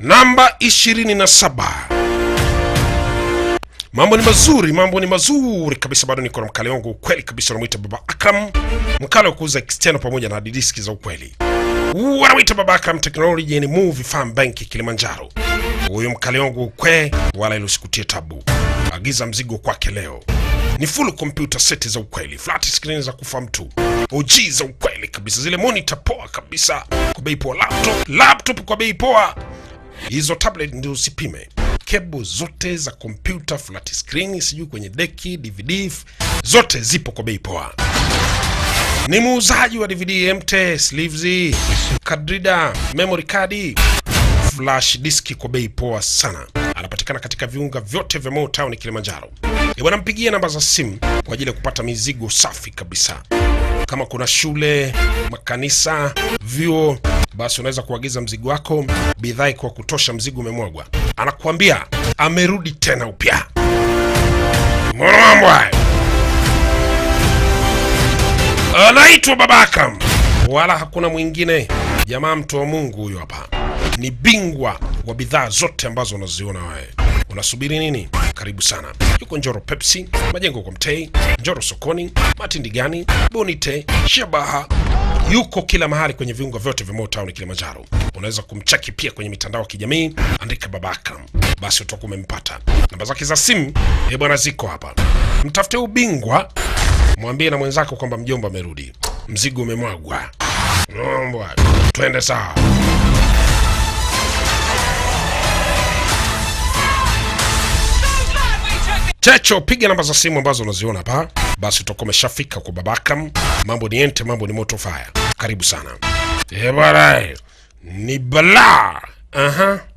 namba 27. Mambo ni mazuri, mambo ni mazuri kabisa. Bado niko na mkali wangu ukweli kabisa, unamwita Baba Akram, mkali wa kuuza external pamoja na hard disk za ukweli. Wanamwita Baba Akram Technology ni Movie Farm Bank Kilimanjaro. Huyu mkali wangu ukwe, wala ile usikutie tabu, agiza mzigo kwake leo. Ni full computer set za ukweli, flat screen za kufa mtu, OG za ukweli kabisa, zile monitor poa kabisa, kwa bei poa, laptop laptop kwa bei poa Hizo tablet ndio usipime, kebo zote za kompyuta, flat screen, sijui kwenye deki, DVD zote zipo kwa bei poa. Ni muuzaji wa DVD, MT, sleeves, kadrida, memory card, flash diski kwa bei poa sana. Anapatikana katika viunga vyote vya Motown Kilimanjaro. E bwana, mpigie namba za simu kwa ajili ya kupata mizigo safi kabisa. Kama kuna shule, makanisa, vyuo basi unaweza kuagiza mzigo wako, bidhaa kwa kutosha, mzigo umemwagwa, anakuambia amerudi tena upya. Mrambwa anaitwa Babakam, wala hakuna mwingine jamaa. Mtu wa Mungu huyo hapa ni bingwa wa bidhaa zote ambazo unaziona wewe. Unasubiri nini? Karibu sana. Yuko Njoro Pepsi, majengo kwa Mtei, Njoro sokoni, matindi gani, Bonite, Shabaha yuko kila mahali kwenye viunga vyote vya Motown Kilimanjaro. Unaweza kumcheki pia kwenye mitandao ya kijamii, andika Baba Akram basi utakuwa umempata. Namba zake za simu eh bwana ziko hapa, mtafute ubingwa, mwambie na mwenzako kwamba mjomba amerudi, mzigo umemwagwa, mbwa twende sawa. Techo, piga namba za simu ambazo unaziona hapa, basi utakuwa umeshafika kwa Babakam. Mambo ni ente, mambo ni moto fire. Karibu sana. Eh, ni balaa. Aha.